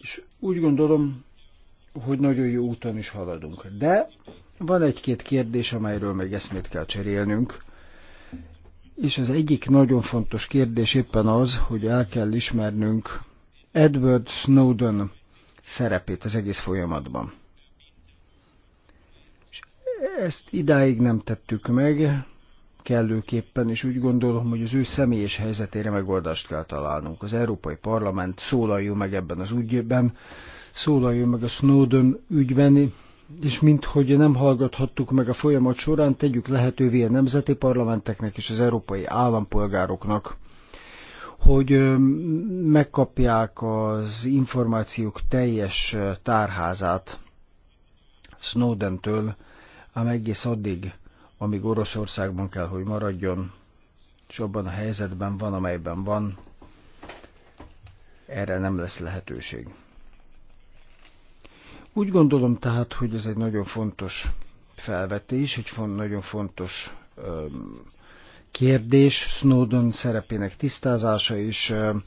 És úgy gondolom, hogy nagyon jó úton is haladunk. De van egy-két kérdés, amelyről még eszmét kell cserélnünk. És az egyik nagyon fontos kérdés éppen az, hogy el kell ismernünk Edward Snowden szerepét az egész folyamatban. És ezt idáig nem tettük meg, kellőképpen, és úgy gondolom, hogy az ő személyes helyzetére megoldást kell találnunk. Az Európai Parlament szólaljon meg ebben az ügyben, szólaljon meg a Snowden ügyben, és minthogy nem hallgathattuk meg a folyamat során, tegyük lehetővé a nemzeti parlamenteknek és az európai állampolgároknak, hogy megkapják az információk teljes tárházát Snowden-től, amely egész addig, amíg Oroszországban kell, hogy maradjon, és abban a helyzetben van, amelyben van, erre nem lesz lehetőség. Úgy gondolom tehát, hogy ez egy nagyon fontos felvetés, egy font, nagyon fontos öm, kérdés, Snowden szerepének tisztázása, és öm,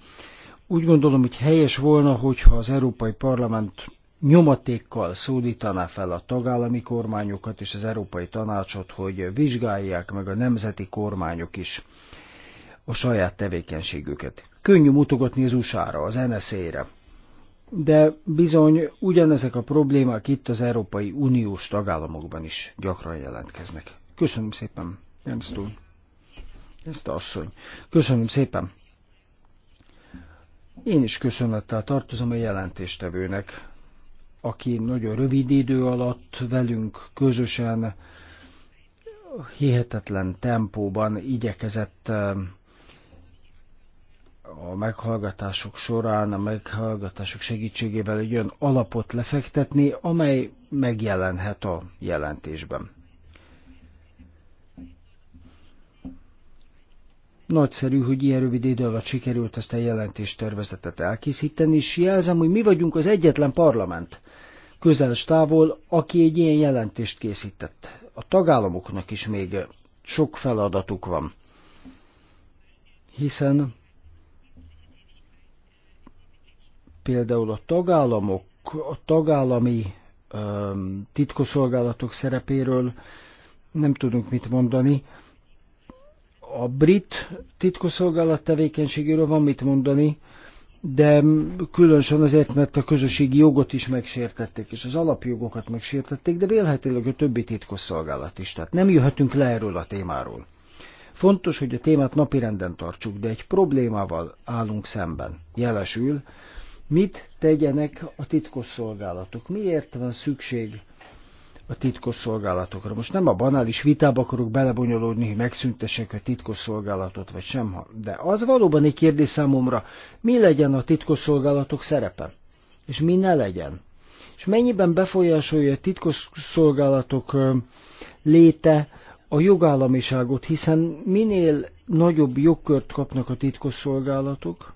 úgy gondolom, hogy helyes volna, hogyha az Európai Parlament nyomatékkal szólítaná fel a tagállami kormányokat és az Európai Tanácsot, hogy vizsgálják meg a nemzeti kormányok is a saját tevékenységüket. Könnyű mutogatni az USA-ra, az NSZ-re. De bizony ugyanezek a problémák itt az Európai Uniós tagállamokban is gyakran jelentkeznek. Köszönöm szépen, Jens Tún. Ezt a asszony. Köszönöm szépen. Én is köszönettel tartozom a jelentéstevőnek, aki nagyon rövid idő alatt velünk közösen hihetetlen tempóban igyekezett a meghallgatások során, a meghallgatások segítségével egy olyan alapot lefektetni, amely megjelenhet a jelentésben. Nagyszerű, hogy ilyen rövid idő alatt sikerült ezt a jelentést tervezetet elkészíteni, és jelzem, hogy mi vagyunk az egyetlen parlament közel távol, aki egy ilyen jelentést készített. A tagállamoknak is még sok feladatuk van, hiszen például a tagállamok, a tagállami titkosszolgálatok szerepéről nem tudunk mit mondani, a brit titkosszolgálat tevékenységéről van mit mondani, de különösen azért, mert a közösségi jogot is megsértették, és az alapjogokat megsértették, de vélhetőleg a többi titkosszolgálat is. Tehát nem jöhetünk le erről a témáról. Fontos, hogy a témát napirenden tartsuk, de egy problémával állunk szemben. Jelesül, mit tegyenek a titkosszolgálatok? Miért van szükség a titkos szolgálatokra. Most nem a banális vitába akarok belebonyolódni, hogy megszüntessek a titkos szolgálatot, vagy sem, de az valóban egy kérdés számomra, mi legyen a titkos szolgálatok szerepe, és mi ne legyen. És mennyiben befolyásolja a titkos szolgálatok léte a jogállamiságot, hiszen minél nagyobb jogkört kapnak a titkos szolgálatok,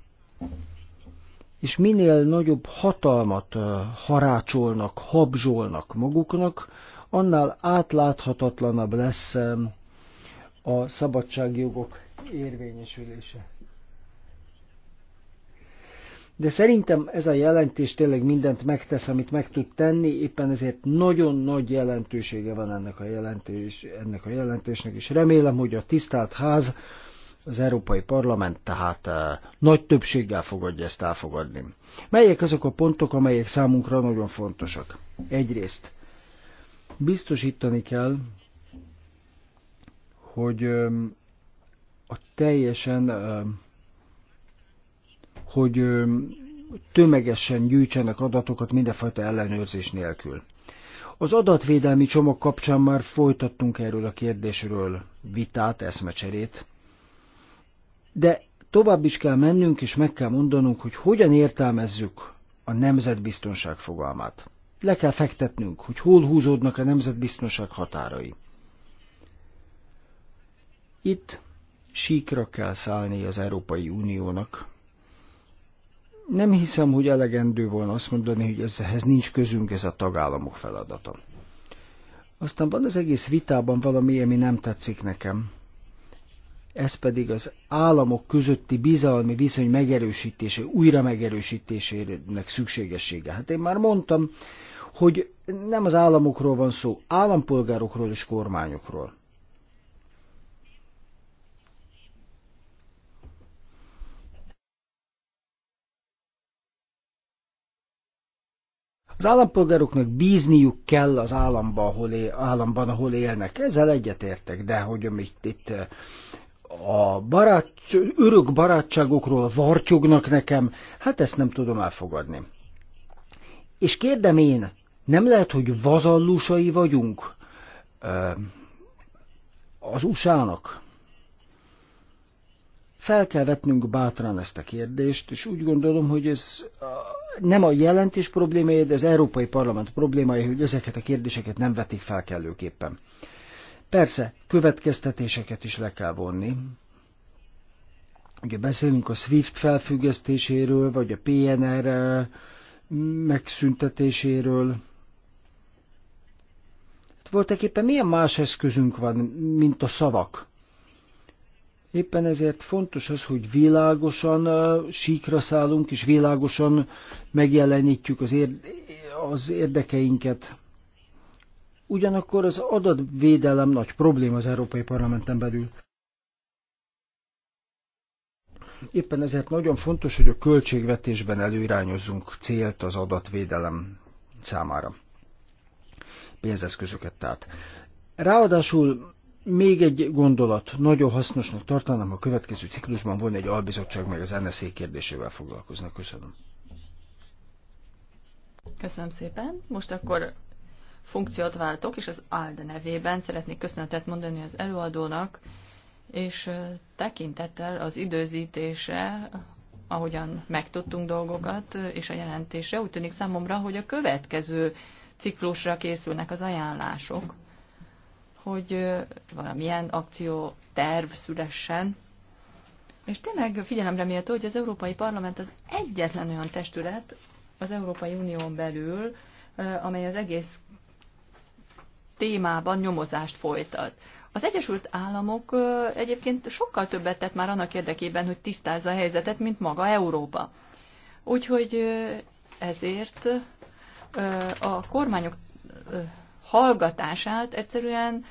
és minél nagyobb hatalmat harácsolnak, habzsolnak maguknak, annál átláthatatlanabb lesz a szabadságjogok érvényesülése. De szerintem ez a jelentés tényleg mindent megtesz, amit meg tud tenni, éppen ezért nagyon nagy jelentősége van ennek a, jelentés, ennek a jelentésnek, és remélem, hogy a tisztelt ház, az Európai Parlament tehát eh, nagy többséggel fogadja ezt elfogadni. Melyek azok a pontok, amelyek számunkra nagyon fontosak? Egyrészt Biztosítani kell, hogy a teljesen, hogy tömegesen gyűjtsenek adatokat mindenfajta ellenőrzés nélkül. Az adatvédelmi csomag kapcsán már folytattunk erről a kérdésről vitát, eszmecserét, de tovább is kell mennünk, és meg kell mondanunk, hogy hogyan értelmezzük a nemzetbiztonság fogalmát le kell fektetnünk, hogy hol húzódnak a nemzetbiztonság határai. Itt síkra kell szállni az Európai Uniónak. Nem hiszem, hogy elegendő volna azt mondani, hogy ezhez nincs közünk, ez a tagállamok feladata. Aztán van az egész vitában valami, ami nem tetszik nekem ez pedig az államok közötti bizalmi viszony megerősítése, újra megerősítésének szükségessége. Hát én már mondtam, hogy nem az államokról van szó, állampolgárokról és kormányokról. Az állampolgároknak bízniuk kell az államba, ahol él, államban, ahol élnek. Ezzel egyetértek, de hogy amit itt a barát, örök barátságokról vartyognak nekem, hát ezt nem tudom elfogadni. És kérdem én, nem lehet, hogy vazallusai vagyunk az USA-nak? Fel kell vetnünk bátran ezt a kérdést, és úgy gondolom, hogy ez nem a jelentés problémája, de az Európai Parlament problémája, hogy ezeket a kérdéseket nem vetik fel kellőképpen. Persze, következtetéseket is le kell vonni. Ugye beszélünk a SWIFT felfüggesztéséről, vagy a PNR eh, megszüntetéséről. Hát voltak éppen milyen más eszközünk van, mint a szavak? Éppen ezért fontos az, hogy világosan eh, síkra szállunk, és világosan megjelenítjük az, érde- az érdekeinket. Ugyanakkor az adatvédelem nagy probléma az Európai Parlamenten belül. Éppen ezért nagyon fontos, hogy a költségvetésben előirányozzunk célt az adatvédelem számára. Pénzeszközöket tehát. Ráadásul még egy gondolat, nagyon hasznosnak tartanám, a következő ciklusban volna egy albizottság, meg az NSZ kérdésével foglalkoznak. Köszönöm. Köszönöm szépen. Most akkor funkciót váltok, és az ALDE nevében szeretnék köszönetet mondani az előadónak, és tekintettel az időzítése, ahogyan megtudtunk dolgokat, és a jelentése, úgy tűnik számomra, hogy a következő ciklusra készülnek az ajánlások, hogy valamilyen akció terv szülessen. És tényleg figyelemre méltó, hogy az Európai Parlament az egyetlen olyan testület az Európai Unión belül, amely az egész témában nyomozást folytat. Az Egyesült Államok egyébként sokkal többet tett már annak érdekében, hogy tisztázza a helyzetet, mint maga Európa. Úgyhogy ezért a kormányok hallgatását egyszerűen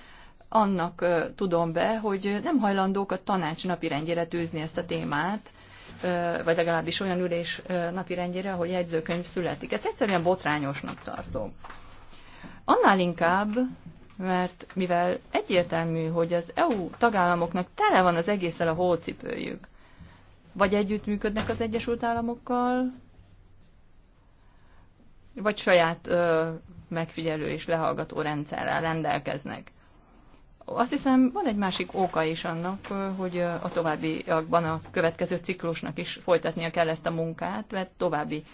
annak tudom be, hogy nem hajlandók a tanács rendjére tűzni ezt a témát, vagy legalábbis olyan ülés napirendjére, ahol jegyzőkönyv születik. Ezt egyszerűen botrányosnak tartom. Annál inkább, mert mivel egyértelmű, hogy az EU tagállamoknak tele van az egészen a hócipőjük, vagy együttműködnek az Egyesült Államokkal, vagy saját ö, megfigyelő és lehallgató rendszerrel rendelkeznek. Azt hiszem, van egy másik oka is annak, hogy a továbbiakban a következő ciklusnak is folytatnia kell ezt a munkát, mert további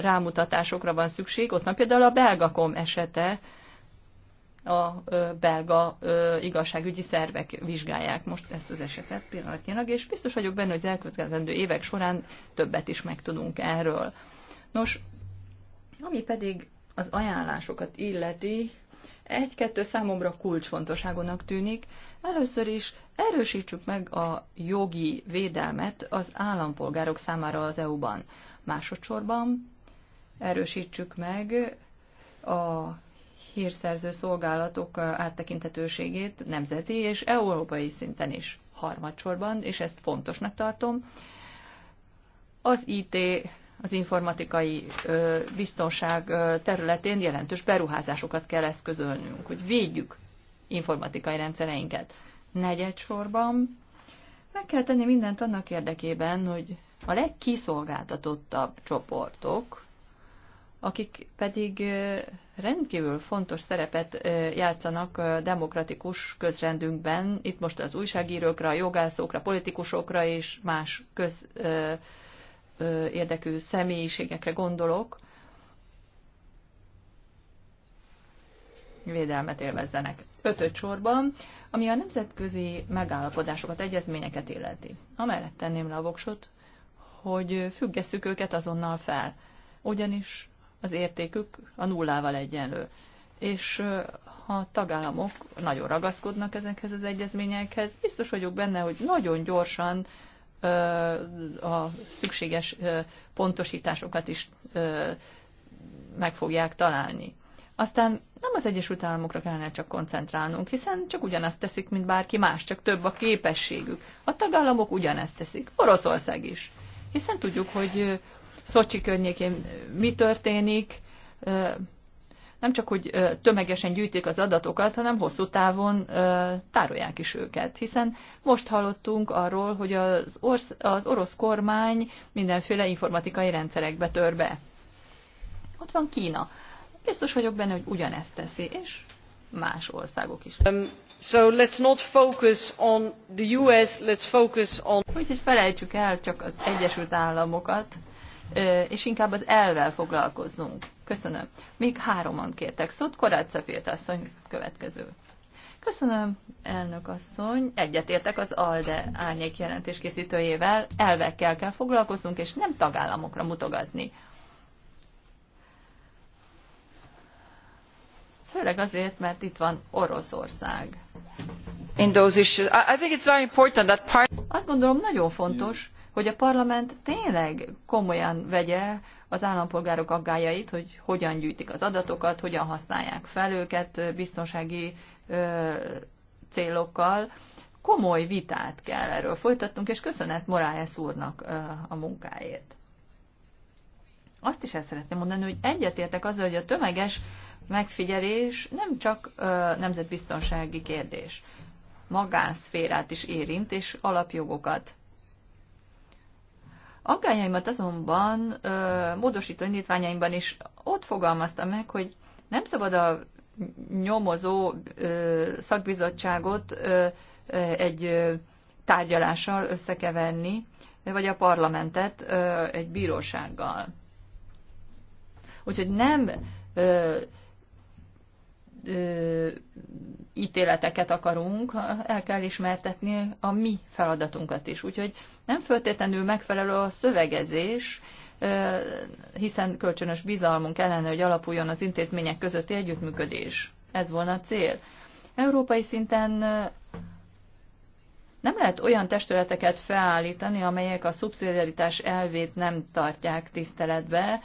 rámutatásokra van szükség. Ott van például a belgakom esete, a belga igazságügyi szervek vizsgálják most ezt az esetet pillanatnyilag, és biztos vagyok benne, hogy az elkövetkezendő évek során többet is megtudunk erről. Nos, ami pedig az ajánlásokat illeti, egy-kettő számomra kulcsfontosságonak tűnik. Először is erősítsük meg a jogi védelmet az állampolgárok számára az EU-ban. Másodszorban erősítsük meg a hírszerző szolgálatok áttekintetőségét nemzeti és európai szinten is harmadsorban, és ezt fontosnak tartom. Az IT, az informatikai biztonság területén jelentős beruházásokat kell eszközölnünk, hogy védjük informatikai rendszereinket. Negyedsorban meg kell tenni mindent annak érdekében, hogy a legkiszolgáltatottabb csoportok, akik pedig rendkívül fontos szerepet játszanak demokratikus közrendünkben, itt most az újságírókra, jogászokra, politikusokra és más köz érdekű személyiségekre gondolok, védelmet élvezzenek. Ötöt sorban, ami a nemzetközi megállapodásokat, egyezményeket illeti. Amellett tenném le a voksot, hogy függesszük őket azonnal fel, ugyanis az értékük a nullával egyenlő. És ha a tagállamok nagyon ragaszkodnak ezekhez az egyezményekhez, biztos vagyok benne, hogy nagyon gyorsan a szükséges pontosításokat is meg fogják találni. Aztán nem az Egyesült Államokra kellene csak koncentrálnunk, hiszen csak ugyanazt teszik, mint bárki más, csak több a képességük. A tagállamok ugyanezt teszik, Oroszország is hiszen tudjuk, hogy Szocsi környékén mi történik, nem csak, hogy tömegesen gyűjtik az adatokat, hanem hosszú távon tárolják is őket. Hiszen most hallottunk arról, hogy az, orsz, az orosz kormány mindenféle informatikai rendszerekbe tör be. Ott van Kína. Biztos vagyok benne, hogy ugyanezt teszi, és más országok is so let us not focus on the us let us focus on. úgyhogy felejtsük el csak az egyesült államokat és inkább az elvel foglalkozzunk. Köszönöm. Még hároman kértek szót. Korácsa asszony következő. Köszönöm, elnök asszony. Egyetértek az ALDE árnyék jelentés készítőjével. Elvekkel kell foglalkoznunk, és nem tagállamokra mutogatni. főleg azért, mert itt van Oroszország. In those issues. I think it's very important that part... Azt gondolom nagyon fontos, hogy a parlament tényleg komolyan vegye az állampolgárok aggájait, hogy hogyan gyűjtik az adatokat, hogyan használják fel őket biztonsági ö, célokkal. Komoly vitát kell erről folytatnunk, és köszönet Moráes úrnak ö, a munkáért. Azt is el szeretném mondani, hogy egyetértek azzal, hogy a tömeges megfigyelés nem csak nemzetbiztonsági kérdés. Magánszférát is érint, és alapjogokat. Aggájaimat azonban ö, módosító indítványaimban is ott fogalmaztam meg, hogy nem szabad a nyomozó ö, szakbizottságot ö, egy ö, tárgyalással összekeverni, vagy a parlamentet ö, egy bírósággal. Úgyhogy nem ö, ö, ítéleteket akarunk, el kell ismertetni a mi feladatunkat is. Úgyhogy nem föltétlenül megfelelő a szövegezés, ö, hiszen kölcsönös bizalmunk kellene, hogy alapuljon az intézmények közötti együttműködés. Ez volna a cél. Európai szinten nem lehet olyan testületeket felállítani, amelyek a szubszidiaritás elvét nem tartják tiszteletbe,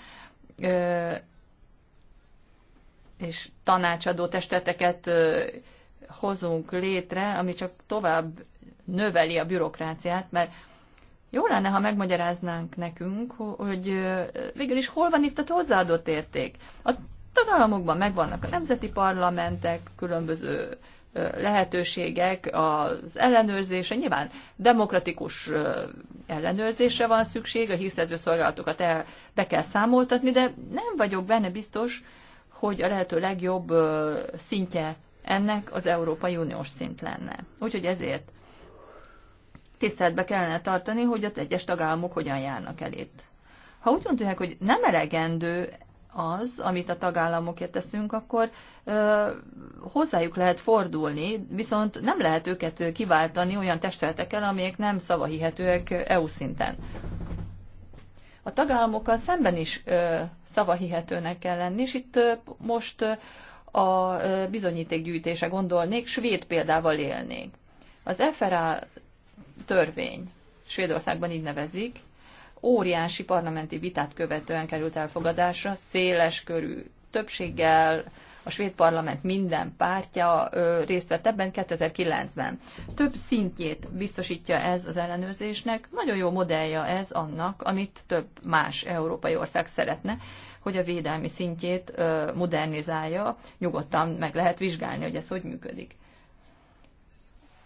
és tanácsadó testeteket hozunk létre, ami csak tovább növeli a bürokráciát, mert jó lenne, ha megmagyaráznánk nekünk, hogy végül is hol van itt a hozzáadott érték. A tagállamokban megvannak a nemzeti parlamentek, különböző lehetőségek, az ellenőrzése, nyilván demokratikus ellenőrzésre van szükség, a hírszerző szolgálatokat el, be kell számoltatni, de nem vagyok benne biztos, hogy a lehető legjobb szintje ennek az Európai Uniós szint lenne. Úgyhogy ezért tiszteletbe kellene tartani, hogy az egyes tagállamok hogyan járnak el itt. Ha úgy gondolják, hogy nem elegendő az, amit a tagállamokért teszünk, akkor ö, hozzájuk lehet fordulni, viszont nem lehet őket kiváltani olyan testületekkel, amelyek nem szavahihetőek EU szinten a tagállamokkal szemben is szavahihetőnek kell lenni, és itt most a bizonyítékgyűjtése gondolnék, svéd példával élnék. Az FRA törvény, Svédországban így nevezik, óriási parlamenti vitát követően került elfogadásra, széles körű többséggel, a svéd parlament minden pártja részt vett ebben 2009-ben. Több szintjét biztosítja ez az ellenőrzésnek, nagyon jó modellja ez annak, amit több más európai ország szeretne, hogy a védelmi szintjét modernizálja, nyugodtan meg lehet vizsgálni, hogy ez hogy működik.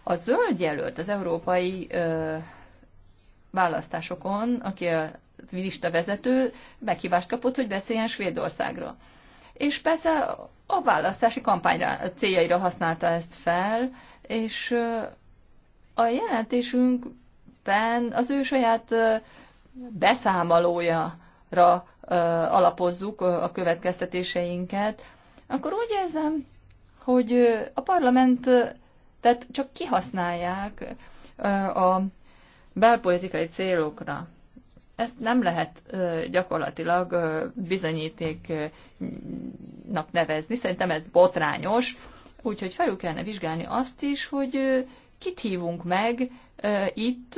A zöld jelölt az európai ö, választásokon, aki a lista vezető, meghívást kapott, hogy beszéljen Svédországról és persze a választási kampányra a céljaira használta ezt fel, és a jelentésünkben az ő saját beszámolójára alapozzuk a következtetéseinket, akkor úgy érzem, hogy a parlament tehát csak kihasználják a belpolitikai célokra ezt nem lehet gyakorlatilag bizonyítéknak nevezni. Szerintem ez botrányos, úgyhogy felül kellene vizsgálni azt is, hogy kit hívunk meg itt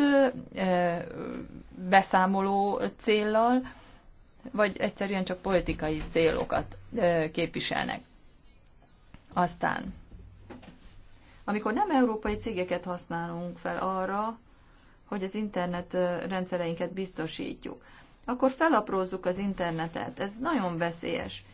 beszámoló céllal, vagy egyszerűen csak politikai célokat képviselnek. Aztán, amikor nem európai cégeket használunk fel arra, hogy az internet rendszereinket biztosítjuk. Akkor felaprózzuk az internetet. Ez nagyon veszélyes.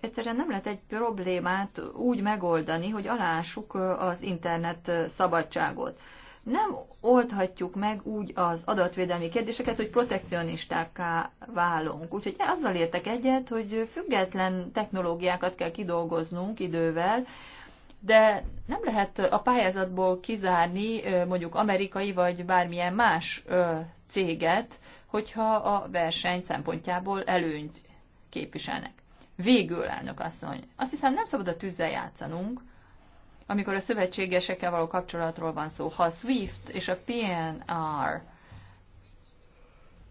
Egyszerűen nem lehet egy problémát úgy megoldani, hogy alássuk az internet szabadságot. Nem oldhatjuk meg úgy az adatvédelmi kérdéseket, hogy protekcionistákká válunk. Úgyhogy azzal értek egyet, hogy független technológiákat kell kidolgoznunk idővel, de nem lehet a pályázatból kizárni mondjuk amerikai vagy bármilyen más céget, hogyha a verseny szempontjából előnyt képviselnek. Végül, elnök asszony, azt hiszem nem szabad a tűzzel játszanunk, amikor a szövetségesekkel való kapcsolatról van szó. Ha a SWIFT és a PNR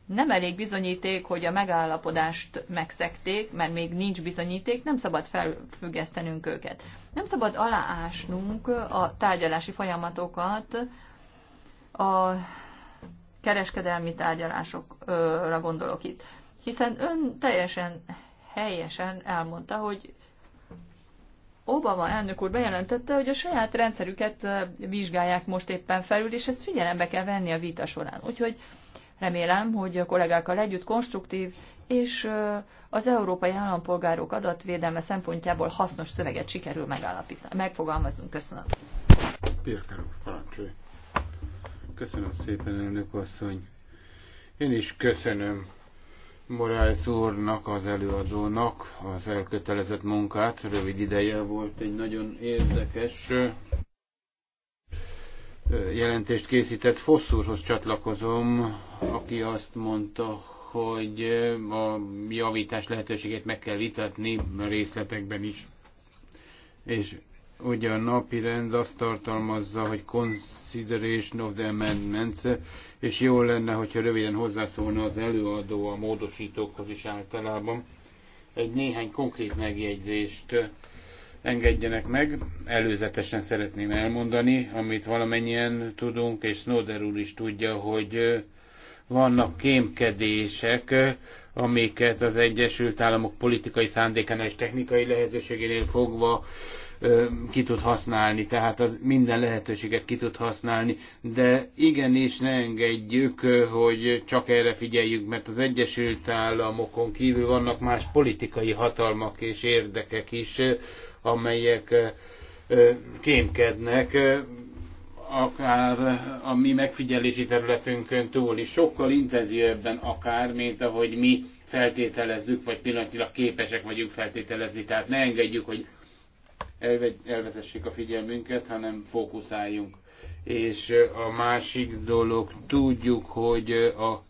nem elég bizonyíték, hogy a megállapodást megszekték, mert még nincs bizonyíték, nem szabad felfüggesztenünk őket. Nem szabad aláásnunk a tárgyalási folyamatokat a kereskedelmi tárgyalásokra gondolok itt. Hiszen ön teljesen helyesen elmondta, hogy Obama elnök úr bejelentette, hogy a saját rendszerüket vizsgálják most éppen felül, és ezt figyelembe kell venni a vita során. Úgyhogy Remélem, hogy a kollégákkal együtt konstruktív és az európai állampolgárok adatvédelme szempontjából hasznos szöveget sikerül megállapítani. Megfogalmazunk Köszönöm. Pirker parancsolj. Köszönöm szépen, elnök asszony. Én is köszönöm Morales úrnak, az előadónak az elkötelezett munkát. Rövid ideje volt egy nagyon érdekes jelentést készített. Fosszúrhoz csatlakozom, aki azt mondta, hogy a javítás lehetőségét meg kell vitatni részletekben is. És ugye a napi rend azt tartalmazza, hogy consideration of the amendments, és jó lenne, hogyha röviden hozzászólna az előadó a módosítókhoz is általában. Egy néhány konkrét megjegyzést engedjenek meg. Előzetesen szeretném elmondani, amit valamennyien tudunk, és Snowder úr is tudja, hogy vannak kémkedések, amiket az Egyesült Államok politikai szándékánál és technikai lehetőségénél fogva ki tud használni, tehát az minden lehetőséget ki tud használni, de igenis ne engedjük, hogy csak erre figyeljük, mert az Egyesült Államokon kívül vannak más politikai hatalmak és érdekek is, amelyek kémkednek akár a mi megfigyelési területünkön túl is, sokkal intenzívebben akár, mint ahogy mi feltételezzük, vagy pillanatilag képesek vagyunk feltételezni. Tehát ne engedjük, hogy elvezessék a figyelmünket, hanem fókuszáljunk. És a másik dolog, tudjuk, hogy a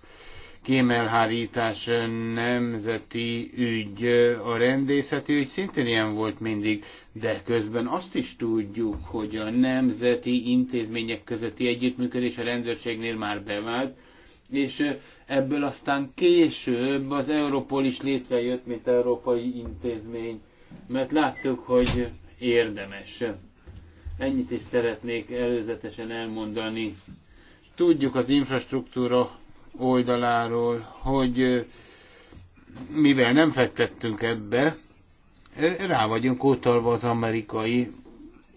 kémelhárítás nemzeti ügy, a rendészeti ügy szintén ilyen volt mindig, de közben azt is tudjuk, hogy a nemzeti intézmények közötti együttműködés a rendőrségnél már bevált, és ebből aztán később az Európol is létrejött, mint európai intézmény, mert láttuk, hogy érdemes. Ennyit is szeretnék előzetesen elmondani. Tudjuk, az infrastruktúra oldaláról, hogy mivel nem fektettünk ebbe, rá vagyunk ótalva az amerikai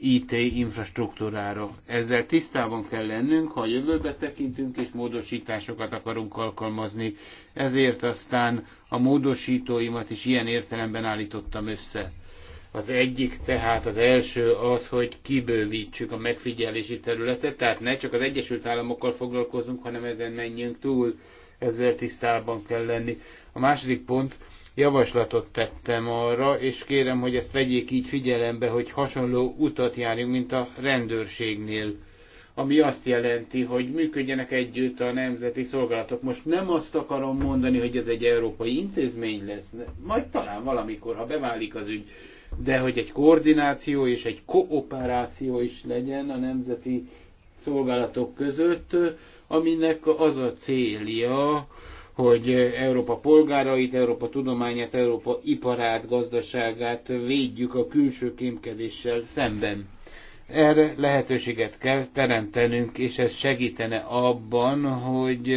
IT infrastruktúrára. Ezzel tisztában kell lennünk, ha a jövőbe tekintünk és módosításokat akarunk alkalmazni. Ezért aztán a módosítóimat is ilyen értelemben állítottam össze. Az egyik tehát az első az, hogy kibővítsük a megfigyelési területet, tehát ne csak az Egyesült Államokkal foglalkozunk, hanem ezen menjünk túl, ezzel tisztában kell lenni. A második pont, javaslatot tettem arra, és kérem, hogy ezt vegyék így figyelembe, hogy hasonló utat járjunk, mint a rendőrségnél ami azt jelenti, hogy működjenek együtt a nemzeti szolgálatok. Most nem azt akarom mondani, hogy ez egy európai intézmény lesz, majd talán valamikor, ha beválik az ügy, de hogy egy koordináció és egy kooperáció is legyen a nemzeti szolgálatok között, aminek az a célja, hogy Európa polgárait, Európa tudományát, Európa iparát, gazdaságát védjük a külső kémkedéssel szemben. Erre lehetőséget kell teremtenünk, és ez segítene abban, hogy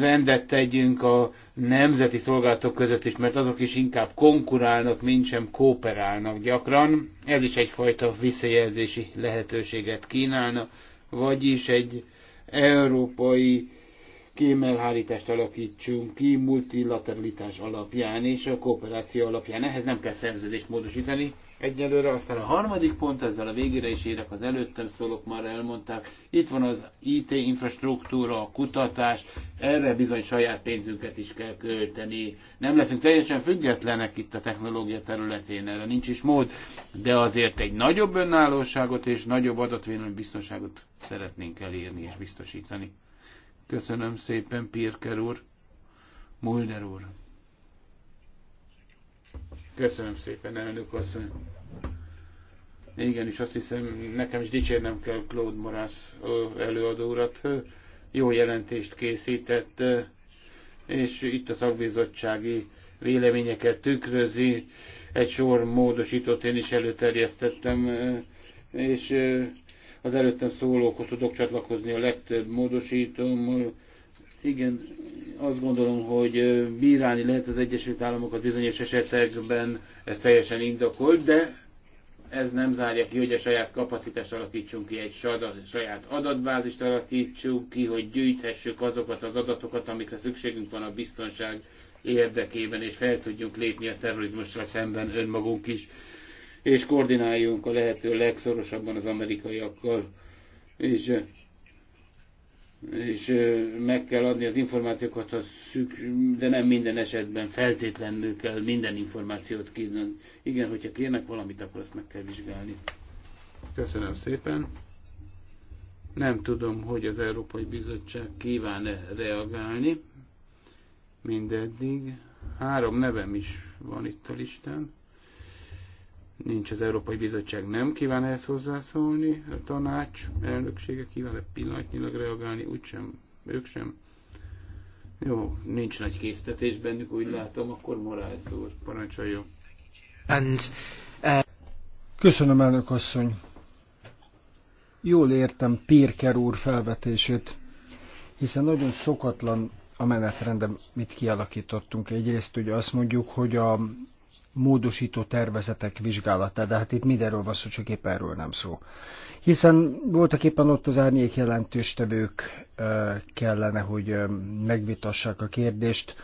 rendet tegyünk a nemzeti szolgálatok között is, mert azok is inkább konkurálnak, mint sem kooperálnak gyakran. Ez is egyfajta visszajelzési lehetőséget kínálna, vagyis egy európai kémelhárítást alakítsunk ki multilateralitás alapján és a kooperáció alapján. Ehhez nem kell szerződést módosítani, egyelőre. Aztán a harmadik pont, ezzel a végére is érek, az előttem szólok, már elmondták, itt van az IT infrastruktúra, a kutatás, erre bizony saját pénzünket is kell költeni. Nem leszünk teljesen függetlenek itt a technológia területén, erre nincs is mód, de azért egy nagyobb önállóságot és nagyobb adatvédelmi biztonságot szeretnénk elérni és biztosítani. Köszönöm szépen, Pirker úr, Mulder úr. Köszönöm szépen, elnök asszony. Igen, és azt hiszem, nekem is dicsérnem kell Claude Morász előadó urat. Jó jelentést készített, és itt a szakbizottsági véleményeket tükrözi. Egy sor módosítót én is előterjesztettem, és az előttem szólókhoz tudok csatlakozni a legtöbb módosítómmal igen, azt gondolom, hogy bírálni lehet az Egyesült Államokat bizonyos esetekben, ez teljesen indokolt, de ez nem zárja ki, hogy a saját kapacitást alakítsunk ki, egy saját adatbázist alakítsunk ki, hogy gyűjthessük azokat az adatokat, amikre szükségünk van a biztonság érdekében, és fel tudjunk lépni a terrorizmussal szemben önmagunk is, és koordináljunk a lehető legszorosabban az amerikaiakkal. És és meg kell adni az információkat, ha szük, de nem minden esetben feltétlenül kell minden információt kínálni. Igen, hogyha kérnek valamit, akkor azt meg kell vizsgálni. Köszönöm szépen. Nem tudom, hogy az Európai Bizottság kíván-e reagálni. Mindeddig. Három nevem is van itt a listán. Nincs az Európai Bizottság, nem kíván ehhez hozzászólni. A tanács elnöksége kíván egy pillanatnyilag reagálni? Úgysem, ők sem. Jó, nincs nagy késztetés bennük, úgy látom, akkor morális úr, parancsoljon. And, uh... Köszönöm, elnök asszony. Jól értem Pirker úr felvetését, hiszen nagyon szokatlan a menetrendem, mit kialakítottunk. Egyrészt ugye azt mondjuk, hogy a módosító tervezetek vizsgálata, de hát itt mindenről van szó, csak épp erről nem szó. Hiszen voltak éppen ott az árnyék jelentős tevők kellene, hogy megvitassák a kérdést.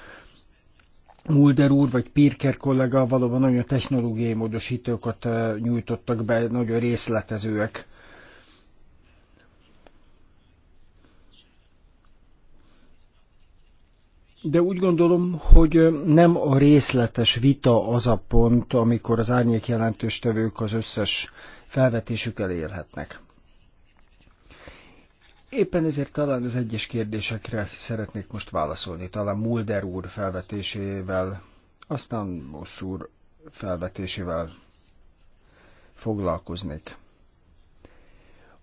Mulder úr vagy Pirker kollega valóban nagyon technológiai módosítókat nyújtottak be, nagyon részletezőek de úgy gondolom, hogy nem a részletes vita az a pont, amikor az árnyék jelentős tevők az összes felvetésükkel élhetnek. Éppen ezért talán az egyes kérdésekre szeretnék most válaszolni, talán Mulder úr felvetésével, aztán Bossz úr felvetésével foglalkoznék.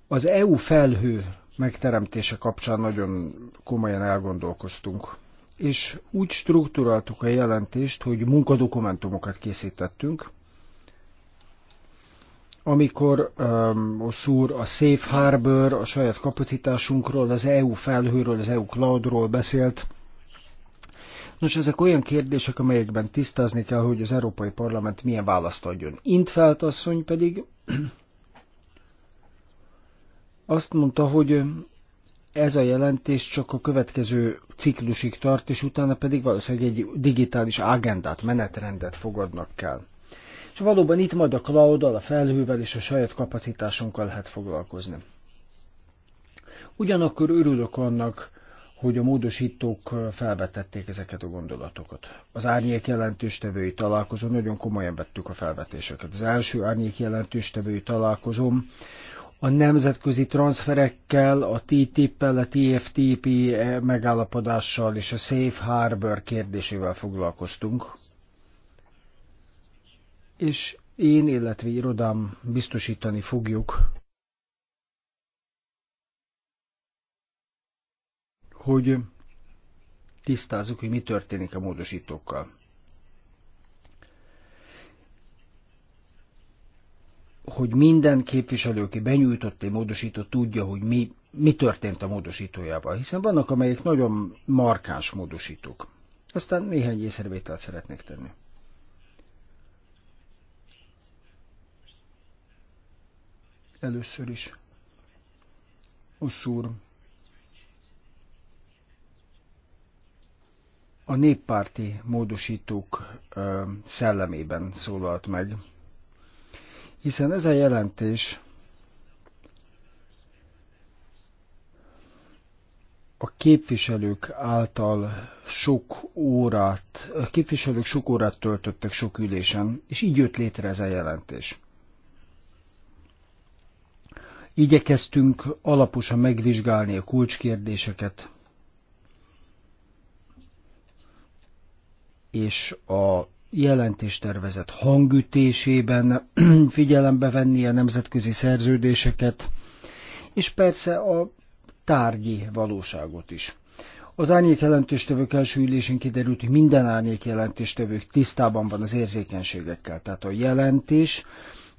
Az EU felhő megteremtése kapcsán nagyon komolyan elgondolkoztunk és úgy struktúráltuk a jelentést, hogy munkadokumentumokat készítettünk, amikor um, a szúr a Safe Harbor, a saját kapacitásunkról, az EU felhőről, az EU cloudról beszélt. Nos, ezek olyan kérdések, amelyekben tisztázni kell, hogy az Európai Parlament milyen választ adjon. Intfelt asszony pedig azt mondta, hogy ez a jelentés csak a következő ciklusig tart, és utána pedig valószínűleg egy digitális agendát, menetrendet fogadnak kell. És valóban itt majd a cloud a felhővel és a saját kapacitásunkkal lehet foglalkozni. Ugyanakkor örülök annak, hogy a módosítók felvetették ezeket a gondolatokat. Az árnyék jelentőstevői találkozón nagyon komolyan vettük a felvetéseket. Az első árnyék jelentőstevői találkozón a nemzetközi transferekkel, a ttip el a TFTP megállapodással és a Safe Harbor kérdésével foglalkoztunk. És én, illetve irodám biztosítani fogjuk, hogy tisztázzuk, hogy mi történik a módosítókkal. hogy minden képviselő, aki benyújtott egy módosítót, tudja, hogy mi, mi történt a módosítójával, hiszen vannak, amelyek nagyon markáns módosítók. Aztán néhány észrevételt szeretnék tenni. Először is. Oszúr. A néppárti módosítók ö, szellemében szólalt meg hiszen ez a jelentés a képviselők által sok órát, a képviselők sok órát töltöttek sok ülésen, és így jött létre ez a jelentés. Igyekeztünk alaposan megvizsgálni a kulcskérdéseket, és a jelentéstervezet hangütésében figyelembe venni a nemzetközi szerződéseket, és persze a tárgyi valóságot is. Az árnyék jelentéstevők első ülésén kiderült, hogy minden árnyék jelentéstevők tisztában van az érzékenységekkel. Tehát a jelentés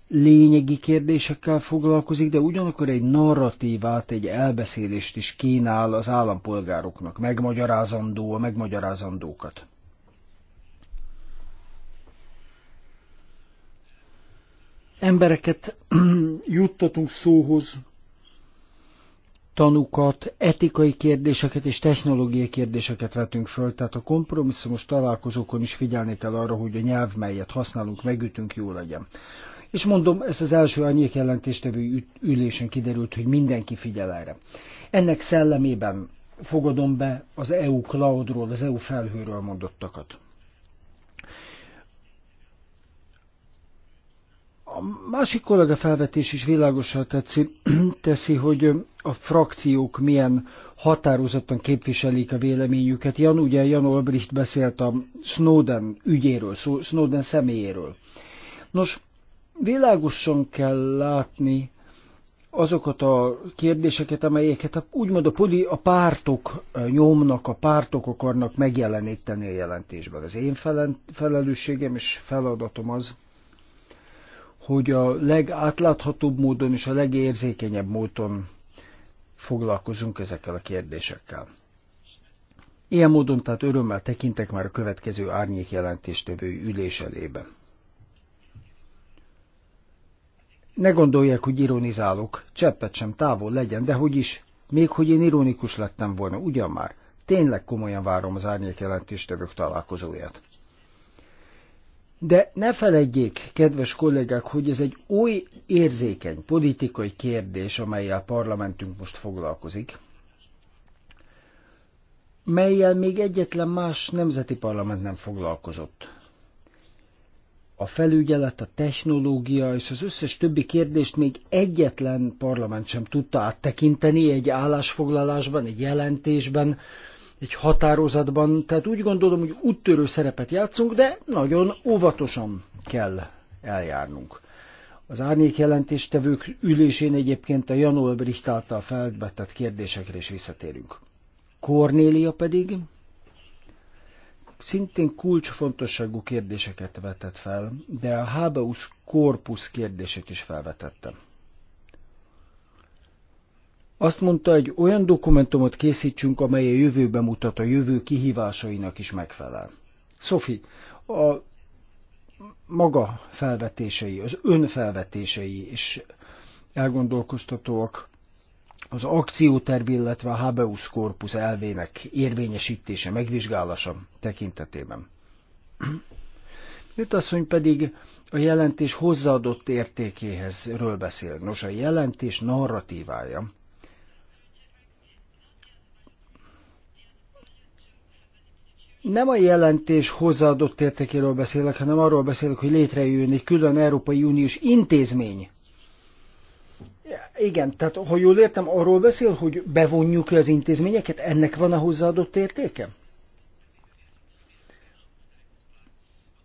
lényegi kérdésekkel foglalkozik, de ugyanakkor egy narratívát, egy elbeszélést is kínál az állampolgároknak, megmagyarázandó a megmagyarázandókat. embereket juttatunk szóhoz, tanukat, etikai kérdéseket és technológiai kérdéseket vetünk föl, tehát a kompromisszumos találkozókon is figyelni kell arra, hogy a nyelv, melyet használunk, megütünk, jó legyen. És mondom, ez az első árnyék jelentéstevő ülésen kiderült, hogy mindenki figyel erre. Ennek szellemében fogadom be az EU cloudról, az EU felhőről mondottakat. A másik kollega felvetés is világosan tetszi, teszi, hogy a frakciók milyen határozottan képviselik a véleményüket. Jan, ugye Jan Olbricht beszélt a Snowden ügyéről, Snowden személyéről. Nos, világosan kell látni azokat a kérdéseket, amelyeket a, úgymond a, poli, a pártok nyomnak, a pártok akarnak megjeleníteni a jelentésben. Az én felelősségem és feladatom az, hogy a legátláthatóbb módon és a legérzékenyebb módon foglalkozunk ezekkel a kérdésekkel. Ilyen módon tehát örömmel tekintek már a következő árnyék jelentéstevő ülés elébe. Ne gondolják, hogy ironizálok, cseppet sem távol legyen, de hogy is, még hogy én ironikus lettem volna, ugyan már, tényleg komolyan várom az árnyék jelentéstevők találkozóját. De ne feledjék, kedves kollégák, hogy ez egy oly érzékeny politikai kérdés, amelyel parlamentünk most foglalkozik, melyel még egyetlen más nemzeti parlament nem foglalkozott. A felügyelet, a technológia és az összes többi kérdést még egyetlen parlament sem tudta áttekinteni egy állásfoglalásban, egy jelentésben, egy határozatban, tehát úgy gondolom, hogy úttörő szerepet játszunk, de nagyon óvatosan kell eljárnunk. Az árnyék jelentéstevők ülésén egyébként a Jan Olbricht által felvetett kérdésekre is visszatérünk. Kornélia pedig szintén kulcsfontosságú kérdéseket vetett fel, de a hábeus korpusz kérdését is felvetettem. Azt mondta, egy olyan dokumentumot készítsünk, amely a jövőbe mutat, a jövő kihívásainak is megfelel. Szofi, a maga felvetései, az ön felvetései is elgondolkoztatóak, az akcióterv, illetve a habeus corpus elvének érvényesítése, megvizsgálása tekintetében. Mit asszony pedig a jelentés hozzáadott értékéhez ről beszél. Nos, a jelentés narratívája nem a jelentés hozzáadott értékéről beszélek, hanem arról beszélek, hogy létrejön egy külön Európai Uniós intézmény. Igen, tehát ha jól értem, arról beszél, hogy bevonjuk-e az intézményeket, ennek van a hozzáadott értéke?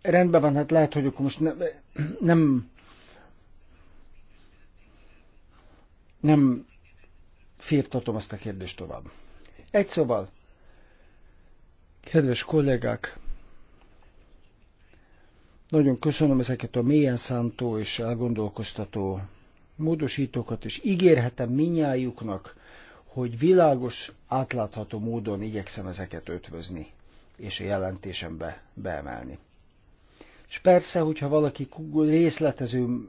Rendben van, hát lehet, hogy akkor most ne, nem, nem firtatom azt a kérdést tovább. Egy szóval, Kedves kollégák! Nagyon köszönöm ezeket a mélyen szántó és elgondolkoztató módosítókat, és ígérhetem minnyájuknak, hogy világos, átlátható módon igyekszem ezeket ötvözni, és a jelentésembe beemelni. És persze, hogyha valaki részletező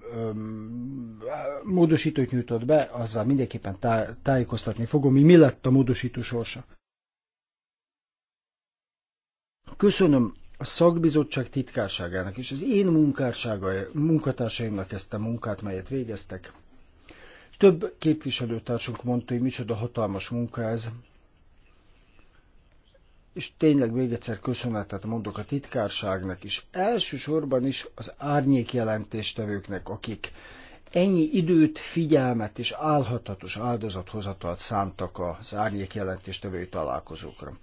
módosítót nyújtott be, azzal mindenképpen táj, tájékoztatni fogom, hogy mi lett a módosító sorsa. Köszönöm a szakbizottság titkárságának és az én munkatársaimnak ezt a munkát, melyet végeztek. Több képviselőtársunk mondta, hogy micsoda hatalmas munka ez, és tényleg még egyszer köszönetet mondok a titkárságnak is, elsősorban is az árnyék jelentéstevőknek, akik ennyi időt, figyelmet és álhatatos áldozathozatalt szántak az árnyék jelentéstevői találkozókra.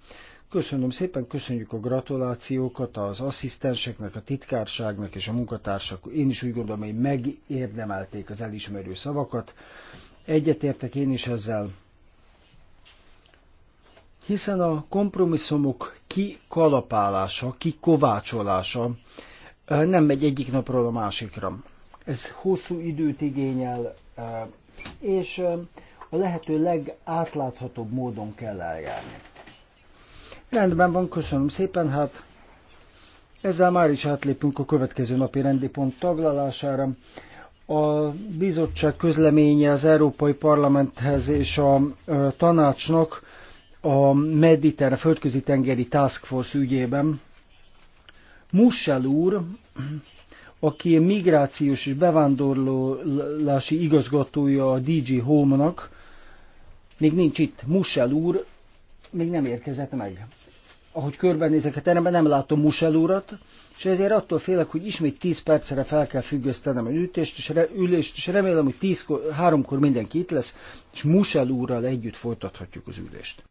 Köszönöm szépen, köszönjük a gratulációkat az asszisztenseknek, a titkárságnak és a munkatársak. Én is úgy gondolom, hogy megérdemelték az elismerő szavakat. Egyetértek én is ezzel, hiszen a kompromisszumok kikalapálása, kikovácsolása nem megy egyik napról a másikra. Ez hosszú időt igényel, és a lehető legátláthatóbb módon kell eljárni. Rendben van, köszönöm szépen, hát ezzel már is átlépünk a következő napi rendi pont taglalására. A bizottság közleménye az Európai Parlamenthez és a tanácsnak a Mediterrán földközi tengeri Task Force ügyében. Mussel úr, aki migrációs és bevándorlási igazgatója a DG Home-nak, még nincs itt. Mussel úr még nem érkezett meg ahogy körbenézek a teremben, nem látom Musel urat, és ezért attól félek, hogy ismét 10 percre fel kell függesztenem a ütést, és re, ülést, és remélem, hogy 10 háromkor mindenki itt lesz, és Musel úrral együtt folytathatjuk az ülést.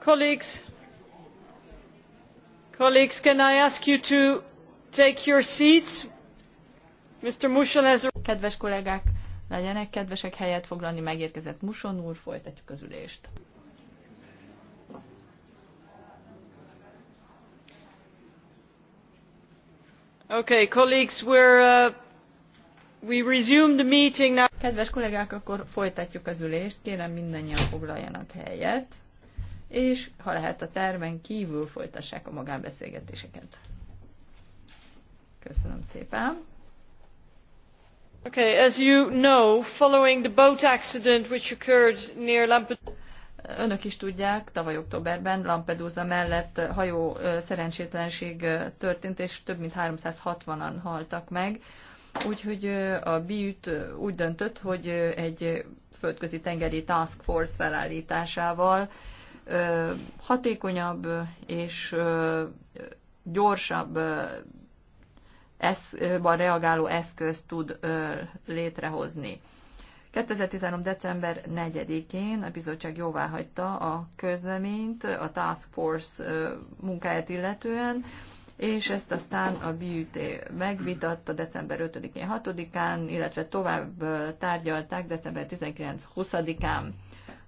Colleagues, can I ask you to take your seats? Mr. Mushon has... Kedves kollégák, legyenek kedvesek helyet foglalni, megérkezett Muson úr, folytatjuk az ülést. Okay, colleagues, we're, uh, we resume the meeting now. Kedves kollégák, akkor folytatjuk az ülést. Kérem mindannyian foglaljanak helyet és ha lehet a termen kívül folytassák a magánbeszélgetéseket. Köszönöm szépen. Okay, as you know, following the boat accident which occurred near Lampedusa. Önök is tudják, tavaly októberben Lampedusa mellett hajó szerencsétlenség történt, és több mint 360-an haltak meg. Úgyhogy a BIUT úgy döntött, hogy egy földközi tengeri task force felállításával hatékonyabb és gyorsabb eszban reagáló eszközt tud létrehozni. 2013. december 4-én a bizottság jóvá hagyta a közleményt a Task Force munkáját illetően, és ezt aztán a BUT megvitatta december 5-én, 6-án, illetve tovább tárgyalták december 19-20-án.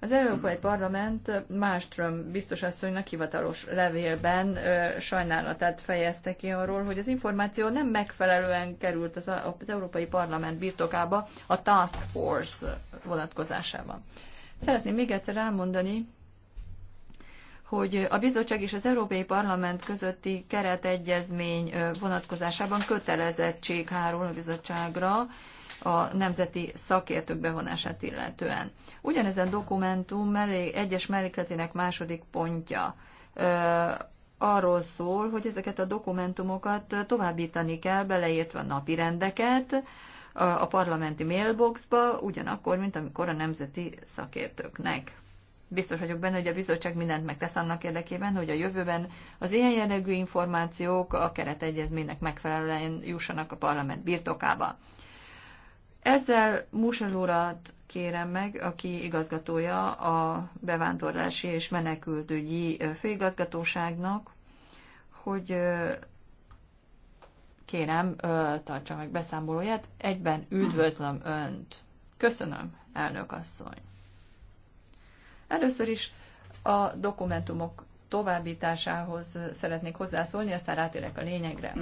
Az Európai Parlament Máström biztos asszonynak hivatalos levélben ö, sajnálatát fejezte ki arról, hogy az információ nem megfelelően került az, az Európai Parlament birtokába a Task Force vonatkozásában. Szeretném még egyszer elmondani, hogy a bizottság és az Európai Parlament közötti keretegyezmény vonatkozásában kötelezettség hárul a bizottságra, a nemzeti szakértők bevonását illetően. Ugyanezen dokumentum mellé, egyes mellékletének második pontja arról szól, hogy ezeket a dokumentumokat továbbítani kell, beleértve a napi rendeket a parlamenti mailboxba, ugyanakkor, mint amikor a nemzeti szakértőknek. Biztos vagyok benne, hogy a bizottság mindent megtesz annak érdekében, hogy a jövőben az ilyen jellegű információk a keretegyezménynek megfelelően jussanak a parlament birtokába. Ezzel Musel urat kérem meg, aki igazgatója a bevándorlási és menekültügyi főigazgatóságnak, hogy kérem, tartsa meg beszámolóját. Egyben üdvözlöm Önt. Köszönöm, elnök asszony. Először is a dokumentumok továbbításához szeretnék hozzászólni, aztán rátérek a lényegre.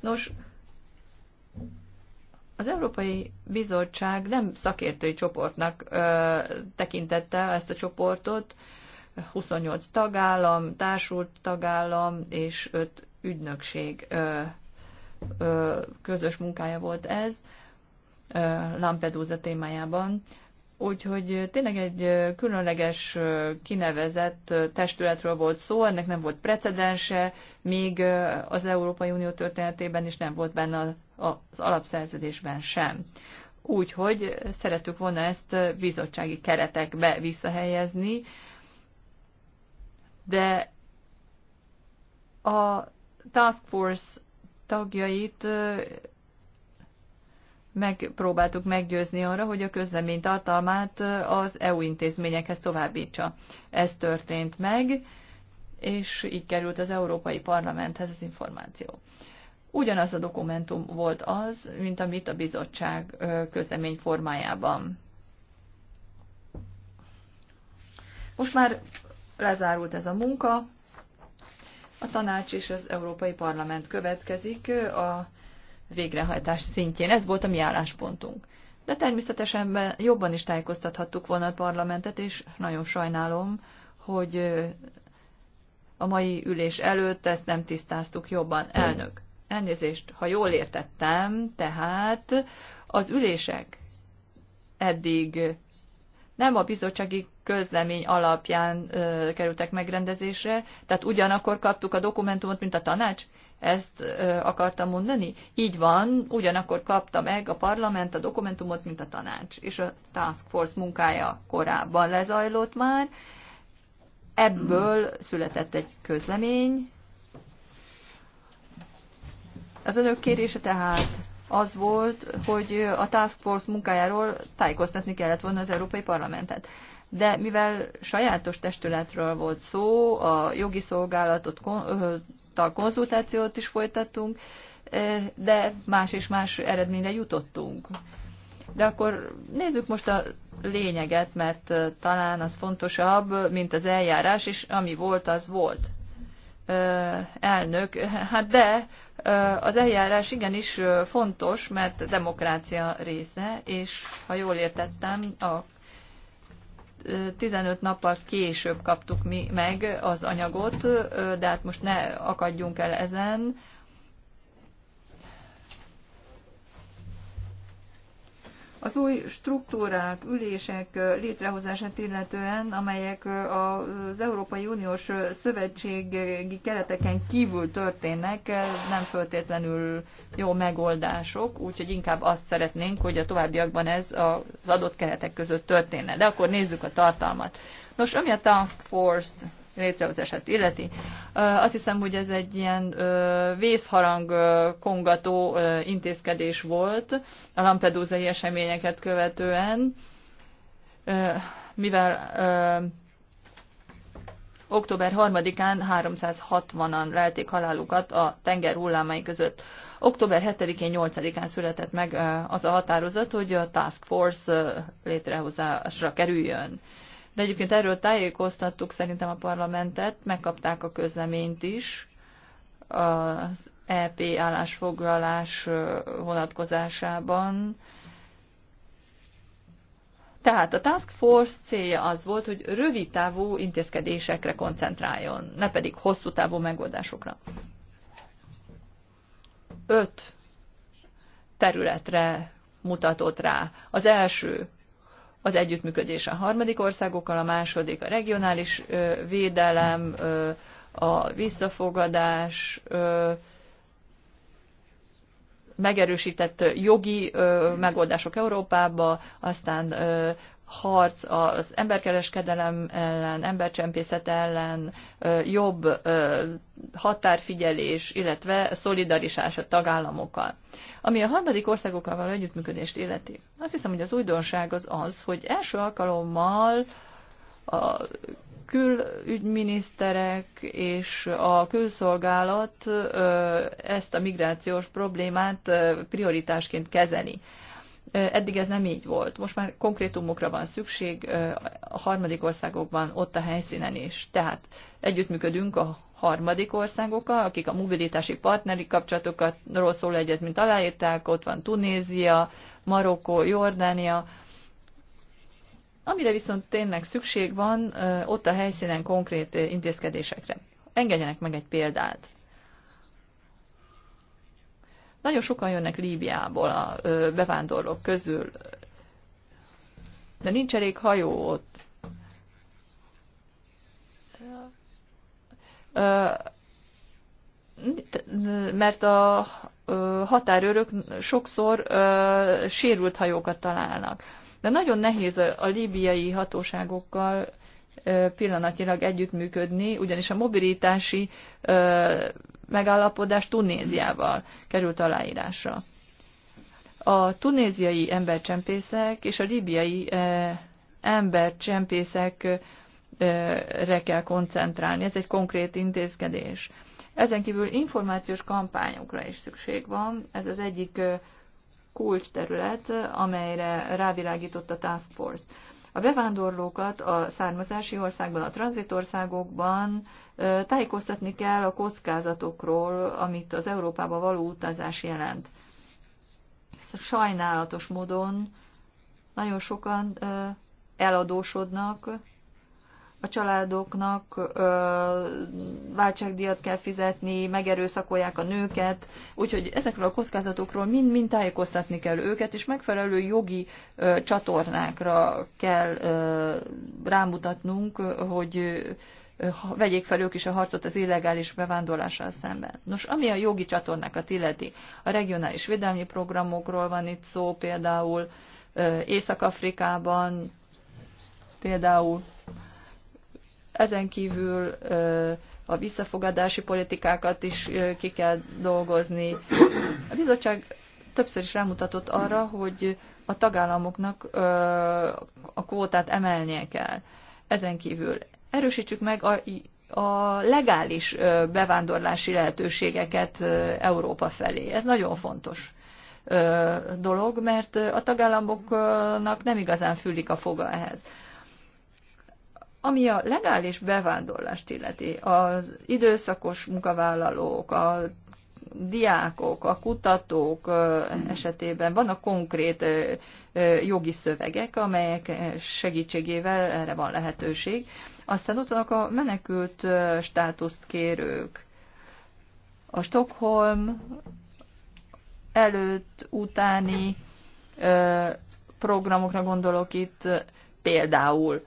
Nos, az Európai Bizottság nem szakértői csoportnak ö, tekintette ezt a csoportot, 28 tagállam, társult tagállam és 5 ügynökség ö, ö, közös munkája volt ez ö, Lampedusa témájában. Úgyhogy tényleg egy különleges kinevezett testületről volt szó, ennek nem volt precedense, még az Európai Unió történetében is nem volt benne az alapszerződésben sem. Úgyhogy szerettük volna ezt bizottsági keretekbe visszahelyezni, de a Task Force tagjait megpróbáltuk meggyőzni arra, hogy a közlemény tartalmát az EU intézményekhez továbbítsa. Ez történt meg, és így került az Európai Parlamenthez az információ. Ugyanaz a dokumentum volt az, mint amit a bizottság közlemény formájában. Most már lezárult ez a munka, a tanács és az Európai Parlament következik a végrehajtás szintjén. Ez volt a mi álláspontunk. De természetesen jobban is tájékoztathattuk volna a parlamentet, és nagyon sajnálom, hogy a mai ülés előtt ezt nem tisztáztuk jobban. Elnök, elnézést, ha jól értettem, tehát az ülések eddig nem a bizottsági közlemény alapján ö, kerültek megrendezésre, tehát ugyanakkor kaptuk a dokumentumot, mint a tanács, ezt ö, akartam mondani? Így van, ugyanakkor kapta meg a parlament a dokumentumot, mint a tanács, és a task force munkája korábban lezajlott már. Ebből született egy közlemény. Az önök kérése tehát az volt, hogy a task force munkájáról tájékoztatni kellett volna az Európai Parlamentet de mivel sajátos testületről volt szó, a jogi szolgálatot, a konzultációt is folytattunk, de más és más eredményre jutottunk. De akkor nézzük most a lényeget, mert talán az fontosabb, mint az eljárás, és ami volt, az volt. Elnök, hát de az eljárás igenis fontos, mert demokrácia része, és ha jól értettem, a 15 nappal később kaptuk mi meg az anyagot, de hát most ne akadjunk el ezen, Az új struktúrák, ülések létrehozását illetően, amelyek az Európai Uniós Szövetségi kereteken kívül történnek, nem föltétlenül jó megoldások, úgyhogy inkább azt szeretnénk, hogy a továbbiakban ez az adott keretek között történne. De akkor nézzük a tartalmat. Nos, ami a Task Force-t létrehozását illeti. Azt hiszem, hogy ez egy ilyen vészharang kongató intézkedés volt a lampedúzai eseményeket követően, mivel október 3-án 360-an lelték halálukat a tenger hullámai között. Október 7-én, 8-án született meg az a határozat, hogy a Task Force létrehozásra kerüljön de egyébként erről tájékoztattuk szerintem a parlamentet, megkapták a közleményt is az EP állásfoglalás vonatkozásában. Tehát a Task Force célja az volt, hogy rövid távú intézkedésekre koncentráljon, ne pedig hosszú távú megoldásokra. Öt területre mutatott rá. Az első az együttműködés a harmadik országokkal, a második a regionális védelem, a visszafogadás, megerősített jogi megoldások Európába, aztán harc az emberkereskedelem ellen, embercsempészet ellen, jobb határfigyelés, illetve szolidarisás a tagállamokkal. Ami a harmadik országokkal való együttműködést illeti, azt hiszem, hogy az újdonság az az, hogy első alkalommal a külügyminiszterek és a külszolgálat ezt a migrációs problémát prioritásként kezeli. Eddig ez nem így volt. Most már konkrétumokra van szükség a harmadik országokban, ott a helyszínen is. Tehát együttműködünk a harmadik országokkal, akik a mobilitási partneri kapcsolatokat szóló egyezményt aláírták, ott van Tunézia, Marokkó, Jordánia. Amire viszont tényleg szükség van, ott a helyszínen konkrét intézkedésekre. Engedjenek meg egy példát. Nagyon sokan jönnek Líbiából a bevándorlók közül, de nincs elég hajó ott. Mert a határőrök sokszor sérült hajókat találnak. De nagyon nehéz a líbiai hatóságokkal pillanatilag együttműködni, ugyanis a mobilitási megállapodás Tunéziával került aláírásra. A tunéziai embercsempészek és a libiai eh, embercsempészekre kell koncentrálni. Ez egy konkrét intézkedés. Ezen kívül információs kampányokra is szükség van. Ez az egyik eh, kulcsterület, amelyre rávilágított a Task Force. A bevándorlókat a származási országban, a tranzitországokban tájékoztatni kell a kockázatokról, amit az Európába való utazás jelent. Sajnálatos módon nagyon sokan eladósodnak, a családoknak ö, váltságdíjat kell fizetni, megerőszakolják a nőket, úgyhogy ezekről a kockázatokról mind-mind tájékoztatni kell őket, és megfelelő jogi ö, csatornákra kell ö, rámutatnunk, hogy ö, vegyék fel ők is a harcot az illegális bevándorlással szemben. Nos, ami a jogi csatornákat illeti, a regionális védelmi programokról van itt szó, például Észak-Afrikában, például ezen kívül a visszafogadási politikákat is ki kell dolgozni. A bizottság többször is rámutatott arra, hogy a tagállamoknak a kvótát emelnie kell. Ezen kívül erősítsük meg a, a legális bevándorlási lehetőségeket Európa felé. Ez nagyon fontos dolog, mert a tagállamoknak nem igazán fülik a foga ehhez. Ami a legális bevándorlást illeti, az időszakos munkavállalók, a diákok, a kutatók esetében vannak konkrét jogi szövegek, amelyek segítségével erre van lehetőség. Aztán ott vannak a menekült státuszt kérők. A Stockholm előtt, utáni programokra gondolok itt például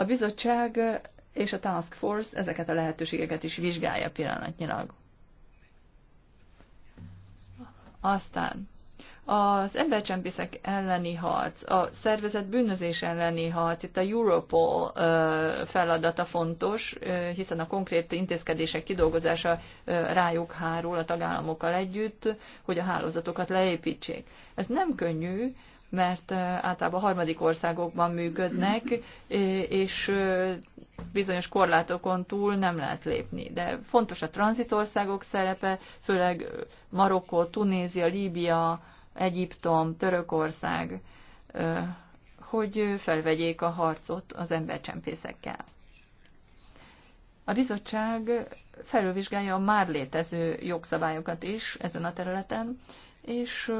a bizottság és a Task Force ezeket a lehetőségeket is vizsgálja pillanatnyilag. Aztán az embercsempészek elleni harc, a szervezet bűnözés elleni harc, itt a Europol feladata fontos, hiszen a konkrét intézkedések kidolgozása rájuk hárul a tagállamokkal együtt, hogy a hálózatokat leépítsék. Ez nem könnyű, mert általában harmadik országokban működnek, és bizonyos korlátokon túl nem lehet lépni. De fontos a tranzitországok szerepe, főleg Marokkó, Tunézia, Líbia, Egyiptom, Törökország, hogy felvegyék a harcot az embercsempészekkel. A bizottság felülvizsgálja a már létező jogszabályokat is ezen a területen, és